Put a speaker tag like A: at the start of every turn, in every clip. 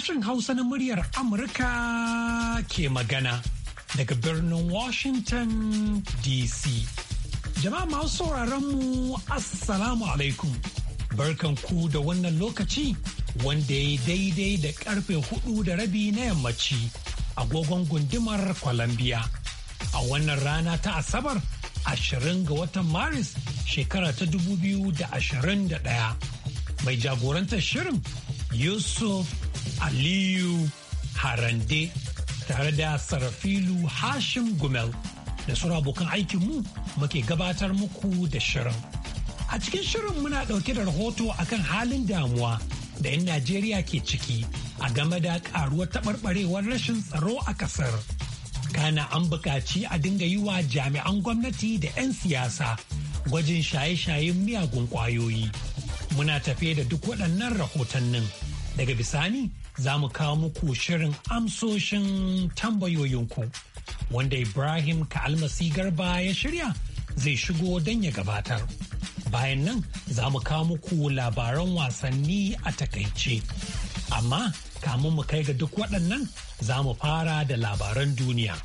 A: sashen Hausa na muryar Amurka ke magana daga birnin Washington DC. Jama'a masu sauraron mu Assalamu alaikum. Barkan ku da wannan lokaci wanda ya daidai da karfe hudu da rabi na yammaci agogon gundumar Columbia. A wannan rana ta Asabar 20 ga watan Maris shekara ta 2021 mai jagorantar shirin Yusuf Aliyu Harande tare da Sarafilu Hashim Gumel da sura abokan aikinmu muke gabatar muku da shirin. A cikin shirin muna ɗauke da rahoto akan halin damuwa da 'yan Najeriya ke ciki a game da ƙaruwar taɓarɓarewar rashin tsaro a ƙasar. Kana an buƙaci a dinga yi wa jami'an gwamnati da 'yan siyasa gwajin shaye-shayen miyagun ƙwayoyi. Muna tafe da duk waɗannan rahotannin. Daga bisani za mu kawo muku shirin amsoshin tambayoyinku wanda Ibrahim almasi Garba ya shirya zai shigo don ya gabatar. Bayan nan za mu kawo muku labaran wasanni a takaice. Amma kamun mu kai ga duk waɗannan za mu fara da labaran duniya.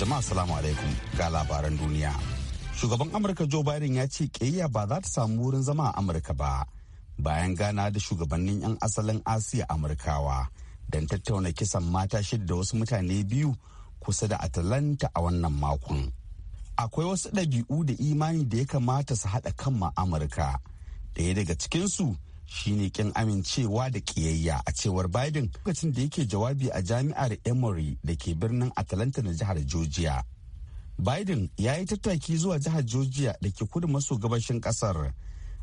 B: Jama'a salamu alaikum ga labaran duniya. Shugaban Amurka Joe Biden ya ce kayya ba za ta samu wurin zama a Amurka ba bayan gana da shugabannin 'yan asalin Asiya Amurkawa don tattauna kisan mata shidda wasu mutane biyu kusa da Atalanta a wannan makon. Akwai wasu ɗabi'u da imani da ya kamata su haɗa kan ma Amurka. Ɗaya daga cikinsu shine kin amincewa da kiyayya a cewar Biden lokacin da yake jawabi a jami'ar Emory da ke birnin Atlanta na jihar Georgia. Biden ya yi tattaki zuwa jihar Georgia da ke kudu maso gabashin kasar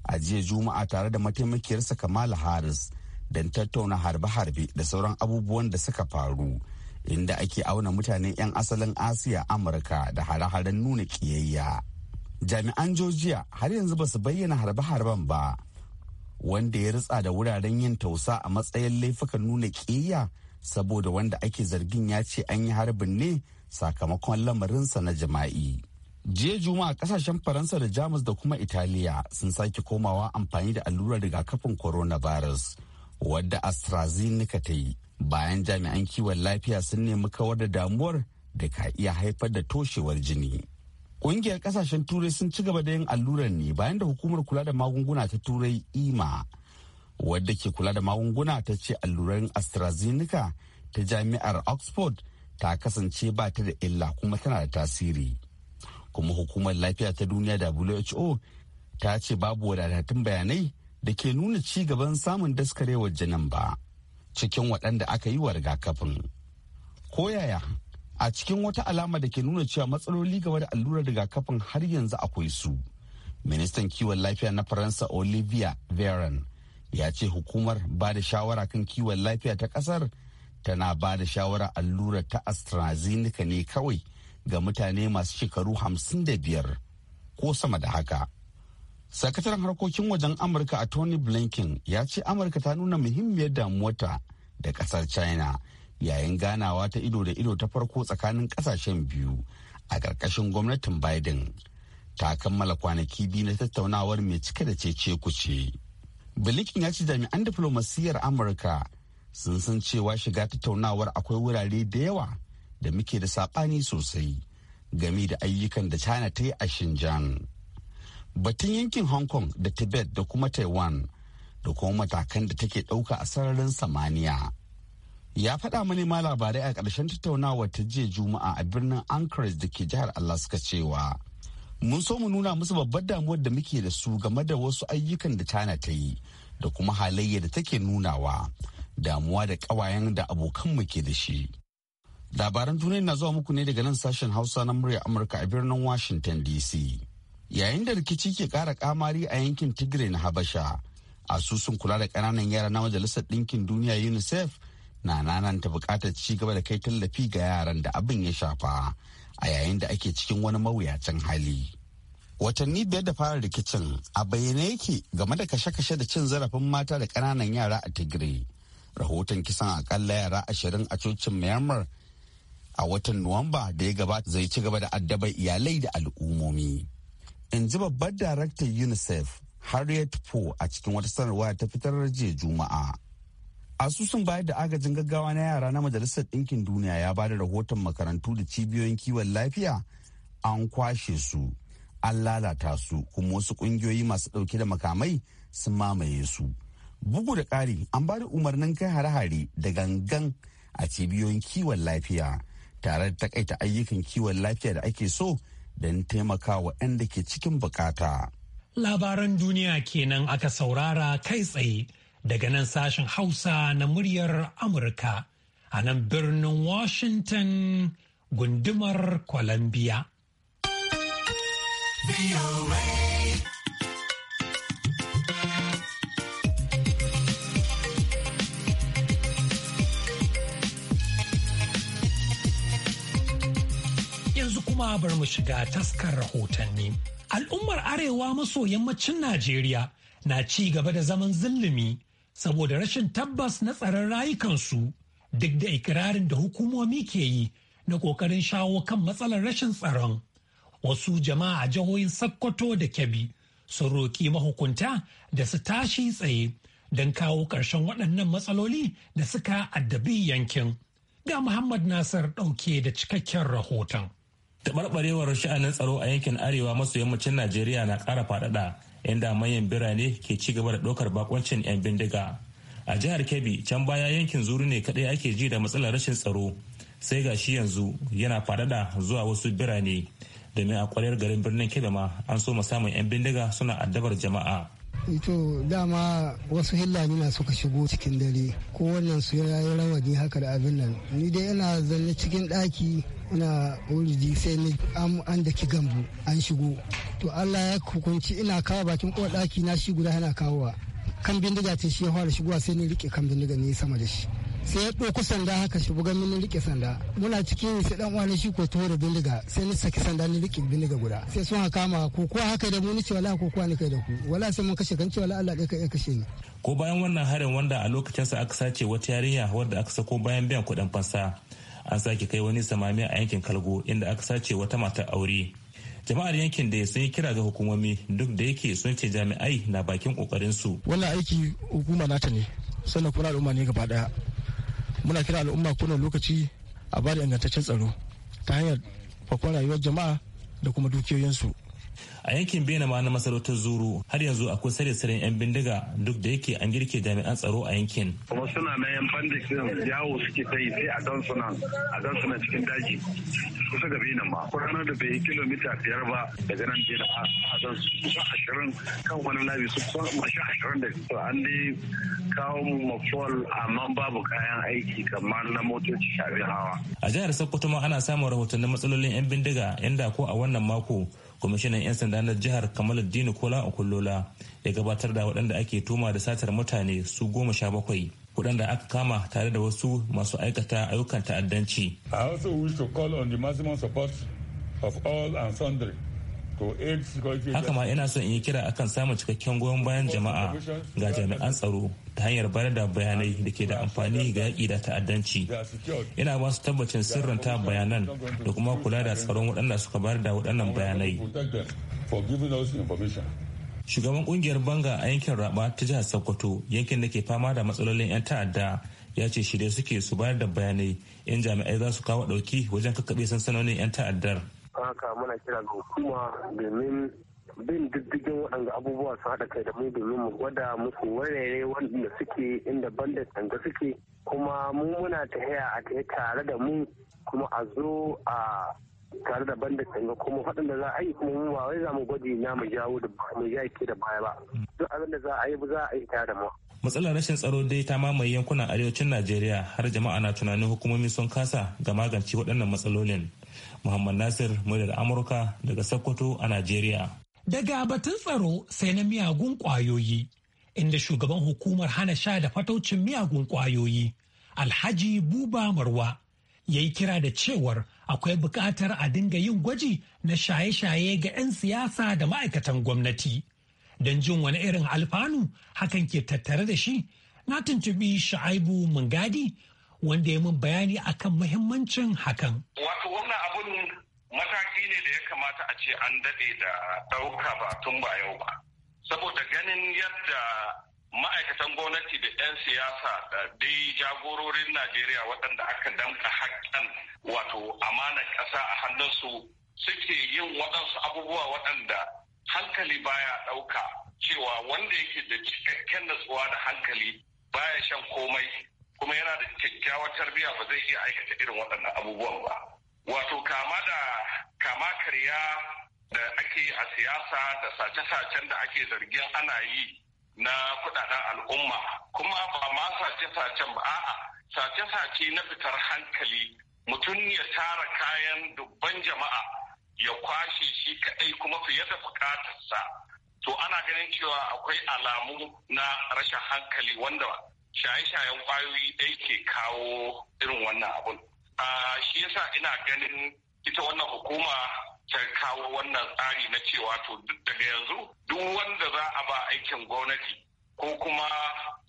B: a jiya Juma'a tare da mataimakiyarsa Kamala Harris don tattauna harbe-harbe da sauran abubuwan da suka faru inda ake auna mutane 'yan asalin Asiya Amurka da hare-haren nuna kiyayya. Jami'an Georgia har yanzu ba su bayyana harbe-harben ba. wanda ya ritsa da wuraren yin tausa a matsayin laifukan nuna ƙiyya saboda wanda ake zargin ya ce an yi harbin ne sakamakon lamarinsa na jima'i. jiya juma'a kasashen faransa da jamus da kuma italiya sun sake komawa amfani da allurar rigakafin coronavirus wadda astrazeneca ta yi bayan jami'an kiwon lafiya sun nemi kawar da damuwar da ka iya haifar da toshewar jini. Ƙungiyar ƙasashen Turai sun ci gaba da yin allurar ne bayan da hukumar kula da magunguna ta Turai IMA wadda ke kula da magunguna ta ce allurar AstraZeneca ta jami'ar Oxford ta kasance ba ta da illa kuma tana da tasiri. Kuma hukumar lafiya ta duniya WHO ta ce babu wadatattun bayanai da ke nuna ci gaban samun daskarewar jinin ba cikin waɗanda aka yi wa rigakafin. Ko a cikin wata alama da ke nuna cewa matsaloli game da allurar rigakafin har yanzu akwai su ministan kiwon lafiya na faransa olivia veron ya ce hukumar ba da shawara kan kiwon lafiya ta kasar tana ba da shawara allurar ta astrazeneca ne kawai ga mutane masu shekaru 55 ko sama da haka sakataren harkokin wajen amurka a tony blinken ya ce amurka ta nuna muhimmiyar damuwarta da kasar china yayin ganawa ta ido da ido ta farko tsakanin kasashen biyu a ƙarƙashin gwamnatin biden ta kammala kwanaki biyu na tattaunawar mai cike da cece ce. bilikin ya ce jami'an diflomasiyyar amurka sun san cewa shiga tattaunawar akwai wurare da yawa da muke da saɓani sosai game da ayyukan da china ta yi a shinjan batun yankin hong kong da tibet da kuma taiwan da kuma matakan da take ɗauka a sararin samaniya ya faɗa ma labarai a ƙarshen tattaunawa ta jiya juma'a a birnin anchorage da ke jihar alaska cewa mun so mu nuna musu babbar damuwar da muke da su game da wasu ayyukan da tana ta yi da kuma halayya da take nunawa damuwa da ƙawayen da abokanmu ke da shi labaran duniya na zuwa muku ne daga nan sashen hausa na murya amurka a birnin washington dc yayin da rikici ke ƙara kamari a yankin tigray na habasha asusun kula da ƙananan yara na majalisar ɗinkin duniya unicef na ta bukatar ci gaba da kai tallafi ga yaran da abin ya shafa a yayin da ake cikin wani mawuyacin hali. Watanni biyar da fara rikicin a bayyane yake game da kashe-kashe da cin zarafin mata da ƙananan yara a Tigray. Rahoton kisan akalla yara ashirin a cocin Myanmar a watan Nuwamba da ya gabata zai ci gaba da addabar iyalai da al'ummomi. In ji babbar daraktar UNICEF Harriet Poe a cikin wata sanarwa ta fitar jiya Juma'a. asusun bayar da agajin gaggawa na yara na majalisar ɗinkin duniya ya ba da rahoton makarantu da cibiyoyin kiwon lafiya an kwashe su an lalata su kuma wasu ƙungiyoyi masu ɗauke da makamai sun mamaye su bugu da ƙari an ba da umarnin kai hare-hare da gangan a cibiyoyin kiwon lafiya tare da takaita ayyukan kiwon lafiya da ake so don taimakawa 'yan da ke cikin bukata
A: labaran duniya kenan aka saurara kai tsaye daga nan sashen Hausa na muryar Amurka a nan birnin Washington gundumar Columbia. Yanzu kuma bar mu shiga taskar rahotanni. Al'ummar Arewa maso yammacin Najeriya na ci gaba da zaman zillimi saboda rashin tabbas na tsaron rayukansu duk da ikirarin da hukumomi ke yi na ƙoƙarin shawo kan matsalar rashin tsaron. Wasu jama'a jihohin Sokoto da Kebbi sun roƙi mahukunta da su tashi tsaye don kawo ƙarshen waɗannan matsaloli da suka addabi yankin. Ga Muhammad Nasir ɗauke da cikakken rahoton.
C: Tabarbarewar sha'anin tsaro a yankin Arewa maso yammacin Najeriya na ƙara faɗaɗa inda manyan birane ke ci gaba da ɗaukar bakoncin 'yan bindiga a jihar kebbi can baya yankin zuru ne kadai ake ji da matsalar rashin tsaro sai ga shi yanzu yana faɗaɗa zuwa wasu birane domin a kwarar garin birnin kebbi ma an so samun 'yan bindiga suna addabar jama'a
D: ito dama wasu hillani na suka shigo cikin dare ko wannan su ya yi rawani haka da abin nan ni dai ina zanne cikin ɗaki ina wuridi sai ni an da ki gambu an shigo to Allah ya hukunci ina kawo bakin ɗaki na shi guda yana kawowa kan bindiga ce shi ya fara shigowa sai ni rike kan bindiga ne sama da shi sai ya ɗauku sanda haka shi bugan mini rike sanda muna cikin sai dan wani shi ko taho da bindiga sai ni saki sanda ni rike bindiga guda sai sun haka ma ko kuwa haka da mu ni ce wala ko kuwa ni kai da ku wala sai mun kashe kan ce wala Allah ɗaya kai kashe ni
C: ko bayan wannan harin wanda a lokacin sa aka sace wata yarinya wadda aka sako bayan biyan kuɗin fansa an sake kai wani samami a yankin kalgo inda aka sace wata matar aure jama'ar yankin da sun yi kira ga hukumomi duk da yake sun ce jami'ai na bakin kokarin su wannan aiki hukuma nata ne sannan kuna al'umma ne gaba daya muna kira al'umma kuna lokaci a bada ingantaccen tsaro ta hanyar fakon rayuwar jama'a da kuma dukiyoyinsu a yankin benama na masarautar zuru har yanzu akwai sare-saren 'yan bindiga duk da yake an girke jami'an tsaro a yankin kuma
E: suna na 'yan bandit yawo suke ta yi sai a gan suna a gan suna cikin daji kusa ga benin ma ranar da bai yi kilomita biyar ba daga nan benin a gan su ashirin kan wani labi su kusa mashi ashirin da su an dai kawo mu fol amma babu kayan aiki kamar na motoci shabi hawa
C: a jihar sokoto ma ana samun rahotannin matsalolin 'yan bindiga inda ko a wannan mako kwamishinan 'yan sanda na jihar kamaluddin kola okullola ya gabatar da waɗanda ake tuma da satar mutane su goma sha bakwai waɗanda aka kama tare da wasu masu aikata ayyukan ta'addanci. I also wish to call on the maximum support of all and sundry haka ma ina son in yi kira akan samun cikakken goyon bayan jama'a ga jami'an tsaro ta hanyar bayar da bayanai da ke da amfani ga yaƙi da ta'addanci ina ba su tabbacin sirrinta bayanan da kuma kula da tsaron waɗanda suka bayar da waɗannan bayanai shugaban kungiyar banga a yankin raba ta jihar sokoto yankin da ke fama da matsalolin 'yan ta'adda ya ce shirye suke su bayar da bayanai 'yan jami'ai za su kawo ɗauki wajen kakkaɓe sansanonin 'yan ta'addar
F: haka muna kira ga hukuma domin
D: bin diddigin waɗanda abubuwa su haɗa kai da mu domin mu gwada musu warere wanda suke inda banda tanga suke kuma mu muna tahiya a tare da mu kuma
G: a zo a tare da banda tanga kuma faɗin za a yi kuma mu ba wai za mu gwaji
A: na mu jawo da mu ke da baya ba duk abin da za a yi ba za a yi tare da mu
C: matsalar rashin tsaro dai ta mamaye yankunan arewacin najeriya har jama'a na tunanin hukumomi sun kasa ga magance waɗannan matsalolin muhammad nasir muryar amurka daga sokoto a najeriya
A: daga batun tsaro sai na miyagun ƙwayoyi inda shugaban hukumar hana sha da fataucin miyagun ƙwayoyi alhaji buba marwa ya yi kira da cewar akwai buƙatar a dinga yin gwaji na shaye-shaye ga 'yan siyasa da ma'aikatan gwamnati. don jin wani irin alfanu hakan ke tattare da shi na tuntubi sha'aibu mungadi wanda ya min bayani akan mahimmancin hakan.
E: Wato wannan abun mataki ne da ya kamata a ce an daɗe da ɗauka ba tun ba yau ba. Saboda ganin yadda ma'aikatan gwamnati da 'yan siyasa da dai jagororin Najeriya waɗanda aka damka haƙƙan wato amanar ƙasa a hannunsu suke yin waɗansu abubuwa waɗanda hankali baya ɗauka cewa wanda yake da cikakken natsuwa da hankali baya shan komai kuma yana da kyakkyawar tarbiyya ba zai iya aikata irin waɗannan abubuwan ba wato kama da kama karya da ake a siyasa da sace-sacen da ake zargin ana yi na kudaden al'umma kuma ba ma sace-sacen ba a'a sace-sace na fitar hankali mutum ya tara kayan dubban jama'a ya kwashe shi kaɗai kuma fiye da bukatarsa to ana ganin cewa akwai alamu na rashin hankali wanda shaye-shayen ƙwayoyi ɗai ke kawo irin wannan abun shi yasa ina ganin ita wannan hukuma ta kawo wannan tsari na cewa to duk daga yanzu duk wanda za a ba aikin gwamnati ko kuma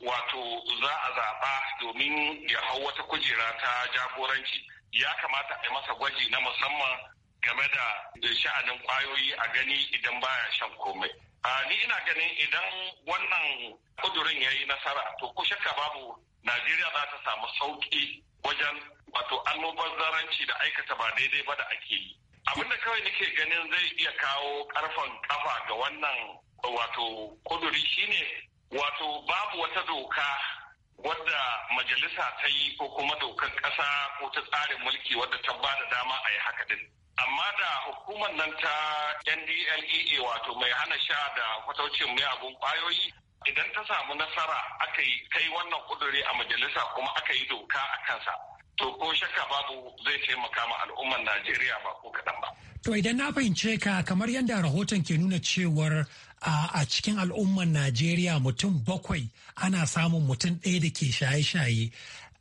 E: wato za a zaɓa domin ya hau wata kujera ta jagoranci ya kamata a yi masa gwaji na musamman game da sha'anin kwayoyi a gani idan baya shan komai. a ni ina ganin idan wannan kudurin ya yi nasara to ko shakka babu Najeriya za ta samu sauki wajen wato almubazzaranci da aikata ba daidai ba da ake yi. Abinda kawai nake ganin zai iya kawo ƙarfan kafa ga wannan wato kuduri shine wato babu wata doka wadda majalisa ta yi ko kuma dokan ƙasa ko ta tsarin mulki wadda ta ba da dama a yi haka din. amma da hukumar nan ta ndlea wato mai hana sha da fataucin miyagun kwayoyi idan ta samu nasara aka yi kai wannan kuduri a majalisa kuma aka yi doka a kansa to ko shakka babu zai taimaka ma al'ummar najeriya ba ko kaɗan ba
A: to idan na fahimce ka kamar yadda rahoton ke nuna cewar a cikin al'ummar najeriya mutum bakwai ana samun mutum ɗaya da ke shaye-shaye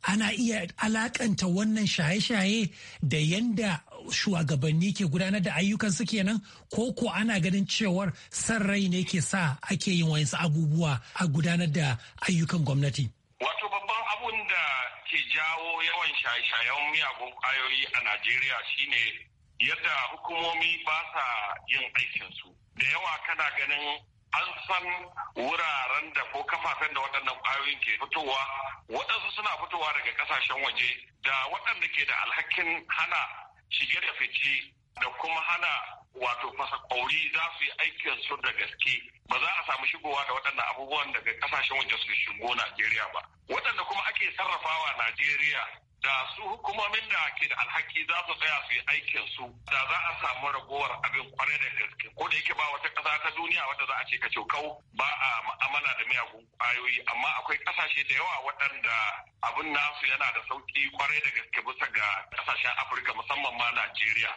A: ana iya alakanta wannan shaye-shaye da yadda. shugabanni ke gudanar da ayyukan su kenan ko ko ana ganin cewar san rai ne ke sa ake yin wayansu abubuwa a gudanar da ayyukan gwamnati.
E: Wato babban abun da ke jawo yawan shaye-shayen miyagun kwayoyi a Najeriya shine yadda hukumomi ba sa yin aikinsu. Da yawa kana ganin an san wuraren da ko kafafen da waɗannan kwayoyin ke fitowa waɗansu suna fitowa daga ƙasashen waje da waɗanda ke da alhakin hana shige da fice da kuma hana wato fasa kwauri za su yi aikin su da gaske ba za a samu shigowa da waɗannan abubuwan daga kasashen waje su shigo Najeriya ba waɗanda kuma ake sarrafawa Najeriya da su hukumomin da ke da alhaki za su tsaya su yi aikin su da za a samu ragowar abin kwarai da gaske ko da yake ba wata ƙasa ta duniya wadda za a ce ka kau ba a ma'amala da miyagun kwayoyi amma akwai ƙasashe da yawa waɗanda abin nasu yana da sauki kwarai da gaske bisa ga ƙasashen afirka musamman ma najeriya.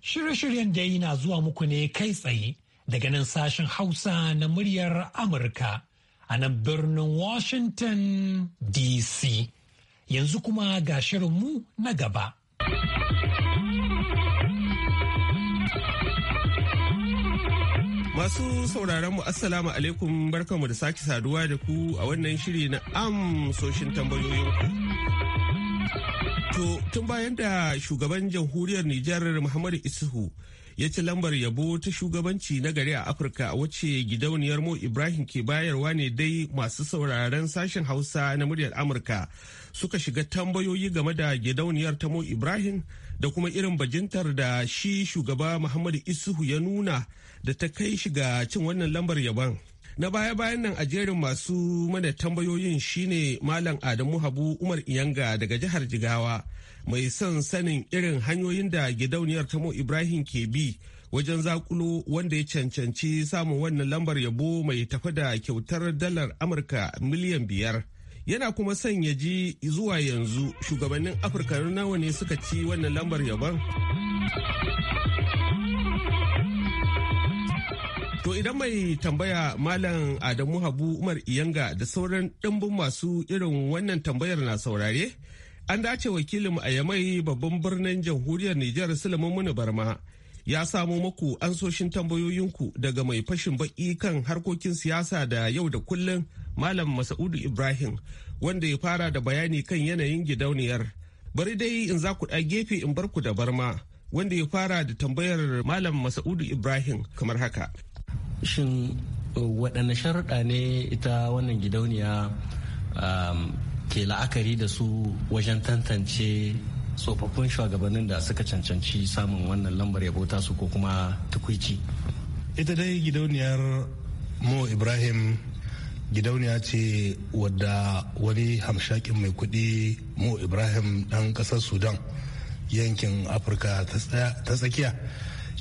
A: shirye-shiryen da yi na zuwa muku ne kai tsaye daga nan sashen hausa na muryar amurka a nan birnin washington dc. yanzu kuma ga mu na gaba.
G: Masu sauraron mu Assalamu alaikum barkanmu da sake saduwa da ku a wannan shiri na amsoshin tambayoyinku. To tun bayan da shugaban jamhuriyar Nijar Muhammadu Isuhu ya ci lambar yabo ta shugabanci na gari a afirka wacce gidauniyar mo ibrahim ke bayarwa ne dai masu sauraren sashen hausa na muryar amurka suka shiga tambayoyi game da gidauniyar ta mo ibrahim da kuma irin bajintar da shi shugaba muhammadu isuhu ya nuna da ta kai shiga cin wannan lambar yabon na baya-bayan nan a jerin masu mana tambayoyin shine malam adamu habu umar iyanga daga jihar jigawa mai son sanin irin hanyoyin da gidauniyar tamo ibrahim ke bi wajen zakulo wanda ya cancanci samun wannan lambar yabo mai tafi da kyautar dalar amurka miliyan biyar yana kuma son ya ji zuwa yanzu shugabannin afirka nawa ne suka ci wannan lambar yabon To idan mai tambaya Malam Adamu Habu Umar Iyanga da sauran ɗimbin masu irin wannan tambayar na saurare, an dace wakilin a babban birnin jamhuriyar Nijar Sulaiman Muni Barma ya samo maku ansoshin tambayoyinku daga mai fashin baki kan harkokin siyasa da yau da kullum Malam Masa'udu Ibrahim wanda ya fara da bayani kan yanayin gidauniyar. Bari dai in za ku ɗa gefe in bar ku da barma. wanda ya fara da tambayar Malam Masa'udu Ibrahim kamar haka.
D: shin uh, waɗanne sharuɗa ne ita wannan gidauniya um, ke la'akari da su wajen tantance tsofaffin shugabannin da suka cancanci samun wannan lambar yabo tasu ko kuma tukwici
F: ita dai gidauniyar mo ibrahim gidauniya ce wadda wani hamshakin mai kudi mo ibrahim ɗan ƙasar sudan yankin afirka ta tsakiya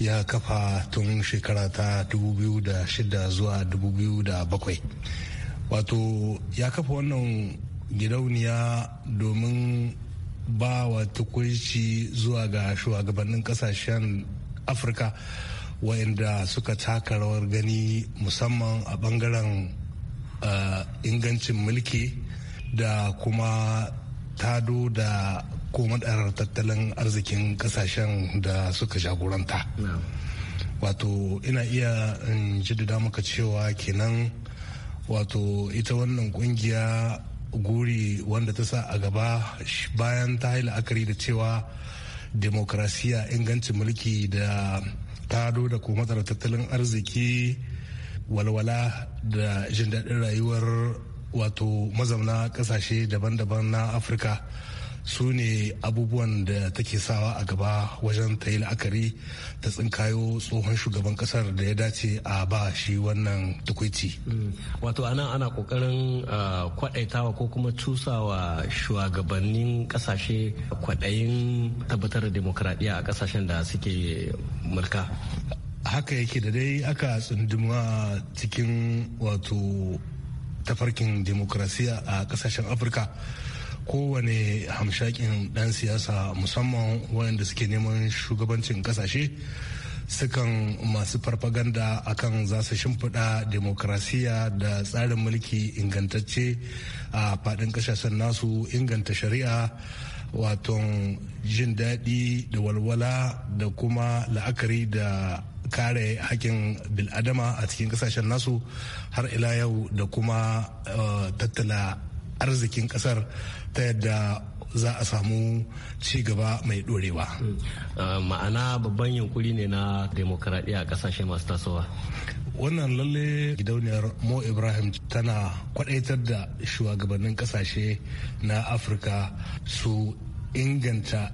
F: ya kafa tun shekara ta 2006 zuwa 2007 wato ya kafa wannan gidauniya domin ba wa tukunci zuwa ga shugabannin kasashen afirka waɗanda suka taka rawar gani musamman a bangaren eh, ingancin mulki da kuma tado da ko madarar tattalin arzikin kasashen da suka jagoranta wato ina iya in jaddada maka cewa kenan wato ita wannan kungiya guri wanda ta sa a gaba bayan ta yi la'akari da cewa demokrasiya ingancin mulki da tado da kuma matsalar tattalin arziki walwala da jin daɗin rayuwar wato mazauna ƙasashe daban-daban na afirka su ne abubuwan da take sawa a gaba wajen ta yi la'akari ta tsinkayo tsohon shugaban kasar da ya dace a ba shi wannan tukwici. Mm.
D: wato anan ana kokarin ah, kwadaitawa ko kuma cusawa shugabannin kasashe kwaɗayin tabbatar da demokradiyya a kasashen da suke mulka
F: haka yake da dai aka tsunduma cikin wato tafarkin demokrasiya a kasashen afirka kowane hamshakin dan siyasa musamman wayanda suke neman shugabancin kasashe sukan masu farfaganda akan za su shimfiɗa demokrasiya da tsarin mulki ingantacce a faɗin ƙasashen nasu inganta shari'a waton jin daɗi da walwala da kuma la'akari da kare hakin biladama a cikin ƙasashen nasu har ila yau da kuma eh, tattala arzikin kasar ta yadda za a samu ci gaba mai dorewa. Hmm.
D: Uh, ma'ana babban yunkuri ne na demokaradiyya a kasashe masu tasowa
F: wannan lalle gidauniyar mo ibrahim tana kwadaitar da shugabannin kasashe na afirka su inganta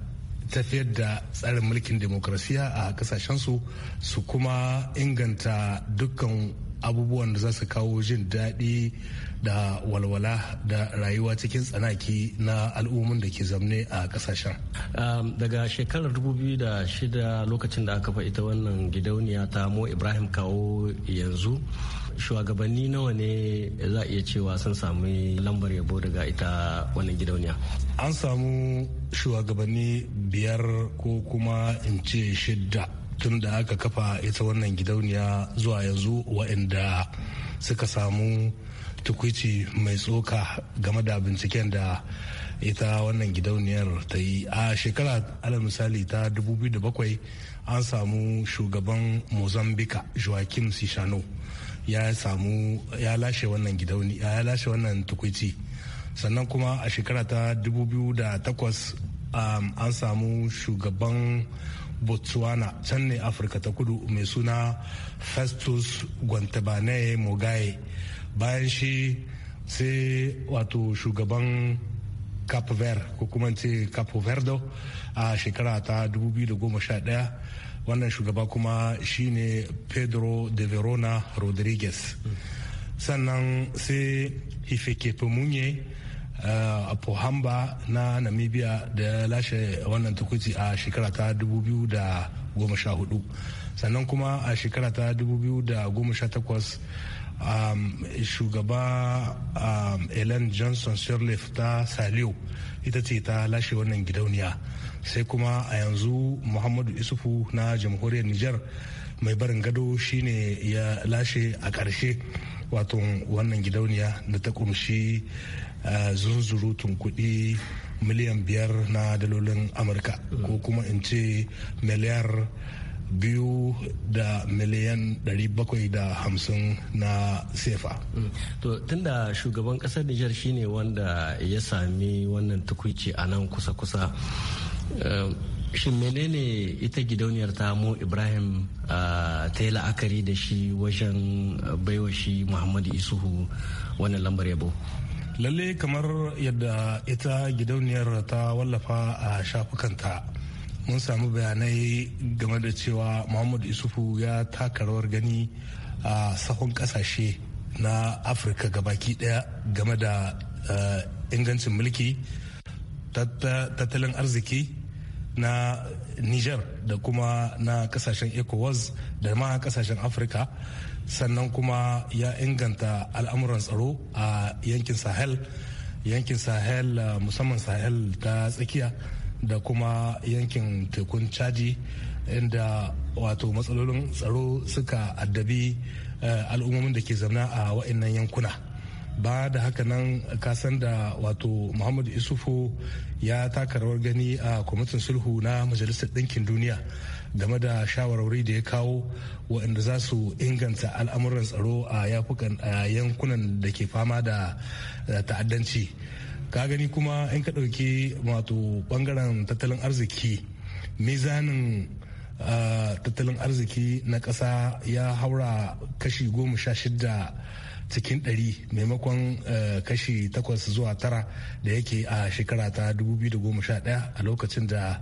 F: tafiyar da tsarin mulkin demokrasiya a kasashensu su kuma inganta dukkan abubuwan da za su kawo jin daɗi da walwala da rayuwa cikin tsanaki na al'ummin da ke zamne a kasashen.
D: Um, daga shekarar 2006 lokacin da aka ita wannan gidauniya ta mo ibrahim kawo yanzu shugabanni nawa ne za a iya cewa sun sami lambar yabo daga ita wannan gidauniya
F: an samu shugabanni biyar ko kuma in ce shidda tun da aka kafa ita wannan gidauniya zuwa yanzu wa'inda suka samu tukuici mai tsoka game da binciken da ita wannan gidauniyar ta yi a shekara ala misali ta 2007 an samu shugaban mozambika joaquim sishano ya samu ya lashe wannan gidauni ya lashe wannan tukwici sannan kuma a shekara ta 2008 um, an samu shugaban botswana can ne afirka ta kudu mai suna festus guantabane mogaye bayan shi sai wato shugaban cap verde ko kuma ce capo a shekara ta 2011 wannan shugaba kuma shine pedro de verona rodriguez sannan sai hifikepunye eh, a pohamba na namibia da ya lashe wannan tukuci a shekara ta 2014 sannan kuma a shekara ta 2018 um, shugaba um, ellen johnson sirleaf ta saliu ita ce ta lashe wannan gidauniya sai kuma a yanzu muhammadu isufu na jamhuriyar niger mai barin gado shine ya lashe a ƙarshe wato wannan gidauniya da ta kunshi uh, zunzurutun kuɗi miliyan biyar na dalolin amurka ko kuma in ce miliyar biyu da miliyan 750 na sefa.
D: To tunda shugaban kasar Nijar shine wanda ya sami wannan tukuici a nan kusa-kusa. Eh, shin menene ita gidauniyar ta mu Ibrahim eh, ta yi la'akari da shi wajen baiwa shi Muhammadu Isuhu wannan lambar yabo?
F: Lalle kamar yadda ita gidauniyar ta wallafa a shafukanta. mun samu bayanai game da cewa muhammadu isufu ya taka rawar gani a sahun kasashe na afirka ga baki daya game da eh, ingancin mulki tattalin arziki na niger da kuma na kasashen ecowas da ma kasashen afirka sannan kuma ya inganta al'amuran tsaro a yankin sahel yankin sahel eh, musamman sahel ta tsakiya da kuma yankin tekun caji inda wato matsalolin tsaro suka addabi eh, al'ummomin da ke zama a wa'annan yankuna ba da haka nan kasan da wato muhammadu isufu ya taka rawar gani a kwamitin sulhu na majalisar ɗinkin duniya game da shawarwari da ya kawo waɗanda za su inganta al'amuran tsaro a yankunan da ke fama da eh, ta'addanci. ka gani kuma in ka ɗauki wato bangaren tattalin arziki mizanin tattalin arziki na ƙasa ya haura kashi goma sha shida cikin ɗari maimakon kashi takwas zuwa tara da yake a shekara ta 2011 a lokacin da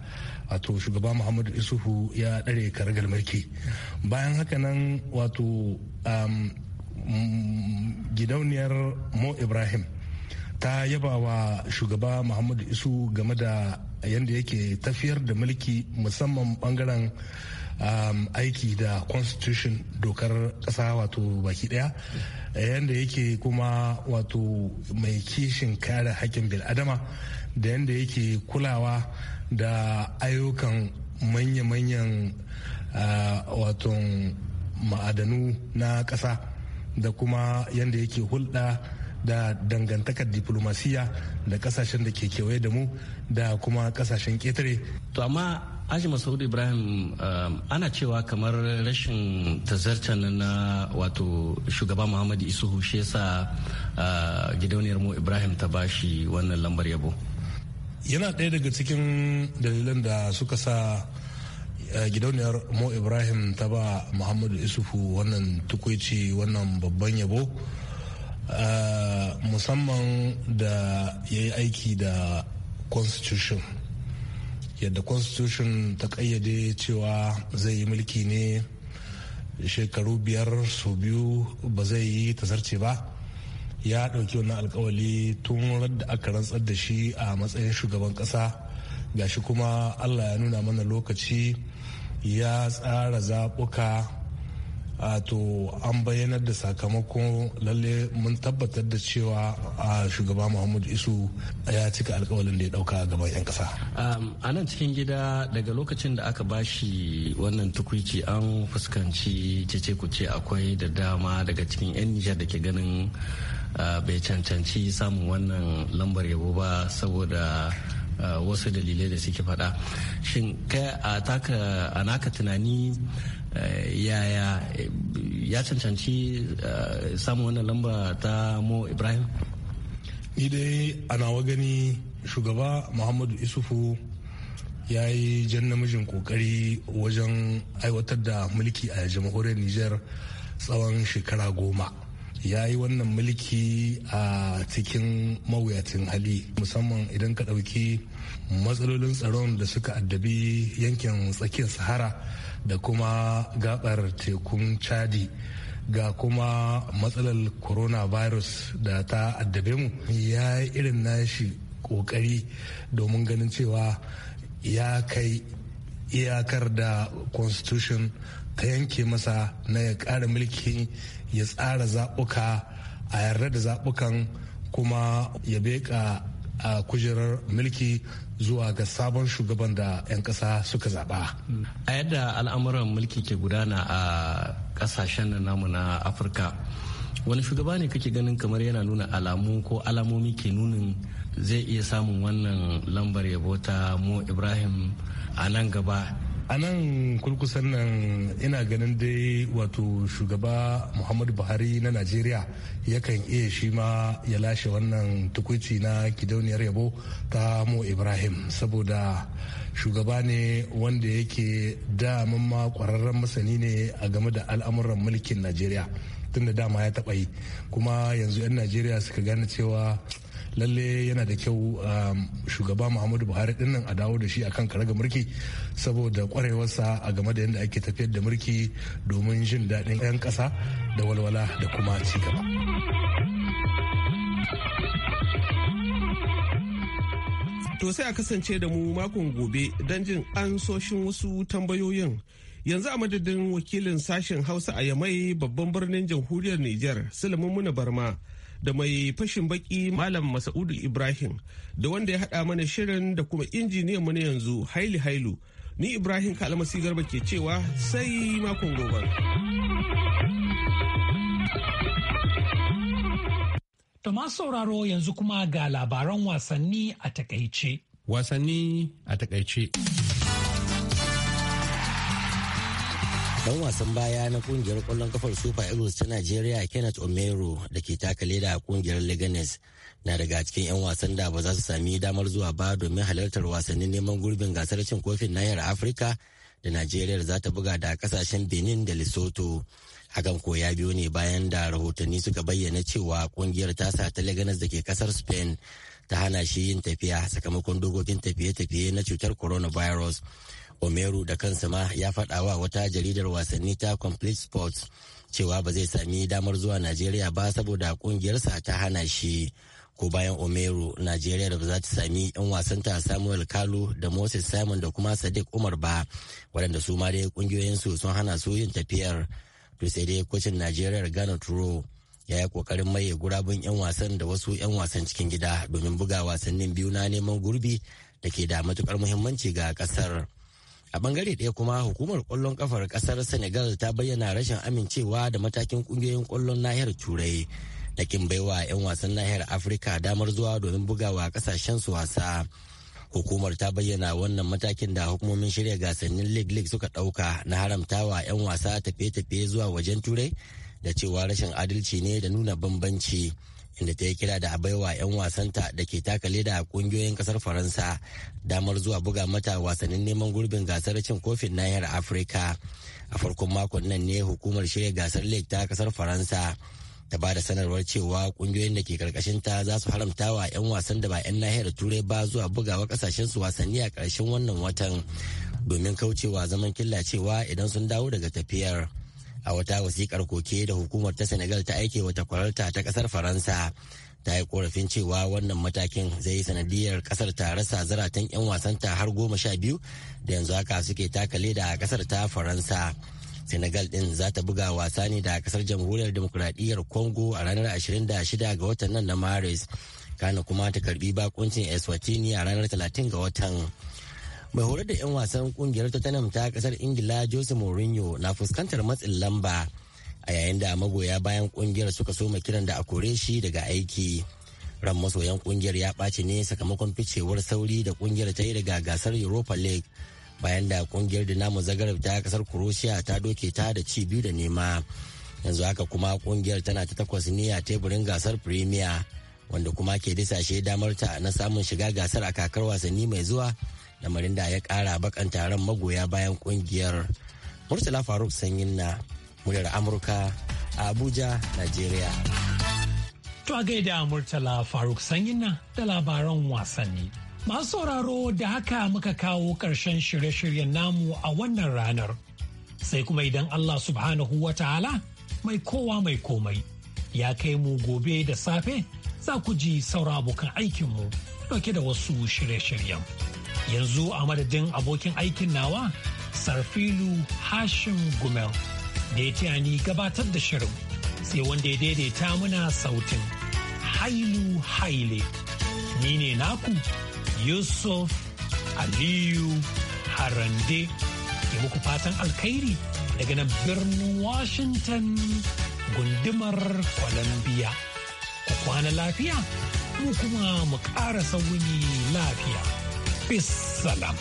F: wato shugaba muhammadu isuhu ya ɗare karagar mulki bayan haka nan wato gidauniyar mo ibrahim ta yaba wa shugaba muhammadu isu game da yadda yake tafiyar da mulki musamman bangaren um, aiki da constitution dokar kasa wato baki ɗaya yadda yake kuma wato mai kishin kare haƙƙin bil'adama da yadda yake kulawa da ayyukan manya-manyan uh, wato ma'adanu na kasa da kuma yadda yake hulɗa da dangantakar diplomasiya da kasashen da ke kewaye da mu da kuma kasashen ketare. To amma Aji
D: Masaud Ibrahim um, ana cewa kamar rashin tazarcan na wato shugaba Muhammadu Isuhu shi yasa uh, gidauniyar mu Ibrahim ta bashi wannan lambar yabo.
F: Yana ɗaya daga cikin dalilan da suka sa uh, gidauniyar mo ibrahim ta ba muhammadu isufu wannan tukwici wannan babban yabo Eh, musamman da ya yi aiki da constitution yadda constitution ta kayyade cewa zai yi mulki ne shekaru biyar su biyu ba zai yi tazarce ba ya ɗauki wannan alkawali tun da aka rantsar da shi a matsayin shugaban ƙasa gashi kuma allah ya nuna mana lokaci ya tsara zaɓuka to an bayyanar da sakamako lalle mun tabbatar da cewa shugaba muhammadu isu ya cika alkawalin da ya dauka a gaban 'yan kasa
D: um, a nan cikin gida daga lokacin da aka bashi wannan tukuici an fuskanci cece ce akwai da dama daga cikin 'yan nijar da ke ganin uh, bai cancanci samun wannan lambar yabo ba saboda uh, wasu dalilai da suke faɗa shin kai a naka tunani yaya eh, eh, ya cancanci
F: eh, samun wannan lamba ta mo ibrahim ni dai a nawa gani shugaba muhammadu isufu ya yi jan namijin kokari wajen aiwatar da mulki a jamhuriyar niger tsawon shekara goma ya yi wannan mulki a cikin mawuyacin hali musamman idan ka ɗauki matsalolin tsaron da suka addabi yankin tsakiyar sahara da kuma gabar tekun chadi ga kuma matsalar coronavirus da ta addabe mu ya yi irin nashi kokari domin ganin cewa ya kai iyakar da constitution ta yanke masa na ya ƙara mulki ya tsara zaɓuka a yarda da zaɓukan kuma ya beka a kujerar mulki zuwa ga sabon shugaban da 'yan kasa suka zaba.
D: a yadda al'amuran mulki ke gudana a ƙasashen namu na afirka wani shugaba ne kake ganin kamar yana nuna alamu ko alamomi ke nunin zai iya samun wannan lambar yabo ta mu ibrahim a nan gaba
F: a nan kurkusan nan ina ganin dai wato shugaba muhammadu buhari na najeriya yakan iya shi ma ya lashe wannan tukuci na kidauniyar yabo ta mo ibrahim saboda shugaba ne wanda yake daman ma kwararren masani ne a game da al'amuran mulkin najeriya tunda dama ya taɓa yi kuma yanzu 'yan najeriya suka gane cewa lalle yana da kyau um, shugaba muhammadu buhari nan a dawo da shi a akan karaga mulki saboda kwarewarsa a game da yadda ake tafiyar da mulki domin jin daɗin 'yan ƙasa da walwala da kuma ci gaba.
G: To sai a kasance da mu makon gobe don jin ansoshin wasu tambayoyin. Yanzu a madadin wakilin sashen Hausa a Yamai babban birnin jamhuriyar Nijar, Sulaiman Muna Barma. da mai fashin baki Malam Masa'udu Ibrahim da wanda ya haɗa mana shirin da kuma injiniyan mu na yanzu Haili Hailu. Ni Ibrahim Kalmasi Garba ke cewa sai makon gobe.
A: ta masu sauraro yanzu kuma ga labaran wasanni a takaice. Wasanni a takaice.
H: dan wasan baya na kungiyar kwallon kafar super eagles ta nigeria kenneth omero da ke taka leda a kungiyar leganes na daga cikin 'yan wasan da ba za su sami damar zuwa ba domin halartar wasannin neman gurbin gasar cin kofin nahiyar afirka da Najeriya za ta buga da kasashen benin da lesotho hakan ko ya biyo ne bayan da rahotanni suka bayyana cewa kungiyar tasa ta leganes da ke kasar spain ta hana shi yin tafiya sakamakon dogokin tafiye-tafiye na cutar coronavirus. omeru da kansa ma ya faɗa wa wata jaridar wasanni ta complete sports cewa ba zai sami damar zuwa najeriya ba saboda kungiyarsa ta hana shi ko bayan omeru najeriya da ba za ta sami 'yan wasanta samuel kalu da moses simon da kuma sadiq umar ba waɗanda su ma dai kungiyoyinsu sun hana su yin tafiyar to sai dai kocin najeriya ghana turo ya yi ƙoƙarin maye gurabun 'yan wasan da wasu 'yan wasan cikin gida domin buga wasannin biyu na neman gurbi da ke da matukar muhimmanci ga ƙasar a bangare ɗaya kuma hukumar kwallon kafar ƙasar senegal ta bayyana rashin amincewa da matakin ƙungiyoyin kwallon nahiyar turai da kin baiwa 'yan wasan nahiyar afirka damar zuwa domin bugawa ƙasashen su wasa hukumar ta bayyana wannan matakin da hukumomin shirya gasannin league league suka ɗauka na haramtawa 'yan wasa tafiye-tafiye zuwa wajen turai da cewa rashin adalci ne da nuna bambanci. inda ta yi kira da abaiwa 'yan wasanta da ke taka leda a kungiyoyin kasar faransa damar zuwa buga mata wasannin neman gurbin gasar cin kofin nahiyar afirka a farkon makon nan ne hukumar shirya gasar lake ta kasar faransa ta ba da sanarwar cewa kungiyoyin da ke karkashin ta za su haramta wa 'yan wasan da ba 'yan nahiyar turai ba zuwa bugawa kasashen su wasanni a karshen wannan watan domin kaucewa zaman killacewa idan sun dawo daga tafiyar. a wata wasikar koke da hukumar ta senegal ta aike wata kwararta ta ƙasar faransa ta yi korafin cewa wannan matakin zai yi sanadiyar kasar ta rasa zaratan 'yan wasanta har goma sha biyu da yanzu haka suke takale da a kasar ta faransa senegal ɗin za ta buga wasa ne da ƙasar jamhuriyar demokuraɗiyyar congo a ranar 26 ga watan nan na maris kana kuma ta karbi bakuncin eswatini a ranar 30 ga watan mai horar da 'yan wasan kungiyar tottenham ta kasar ingila jose mourinho na fuskantar matsin lamba a yayin da magoya bayan kungiyar suka so soma kiran da a kore shi daga aiki ran masoyan kungiyar ya ɓaci ne sakamakon ficewar sauri da kungiyar ta yi daga gasar europa league bayan da kungiyar dinamo zagreb ta kasar croatia ta doke ta da ci biyu da nema yanzu haka kuma kungiyar tana ta takwas ne a teburin gasar premier wanda kuma ke disashe damar ta na samun shiga gasar a kakar wasanni mai zuwa lamarin da ya kara bakan taron magoya bayan kungiyar murtala faruk sanyin na muryar amurka a abuja
A: nigeria to a gaida murtala faruk sanyin na da labaran wasanni masu sauraro da haka muka kawo karshen shirye-shiryen namu a wannan ranar sai kuma idan allah subhanahu wa ta'ala mai kowa mai komai ya kai mu gobe da safe za ku ji saura abokan aikinmu dauke da wasu shirye-shiryen. yanzu a madadin abokin aikin nawa sarfilu hashim gumel da ya taya ni gabatar da shirin sai wanda ya daidaita muna sautin hailu haile ni ne naku yusuf aliyu harande ke muku fatan alkhairi daga nan birnin washington gundumar kwalambiya. ku kwana lafiya mu kuma mu ƙara sauni lafiya. 必死了。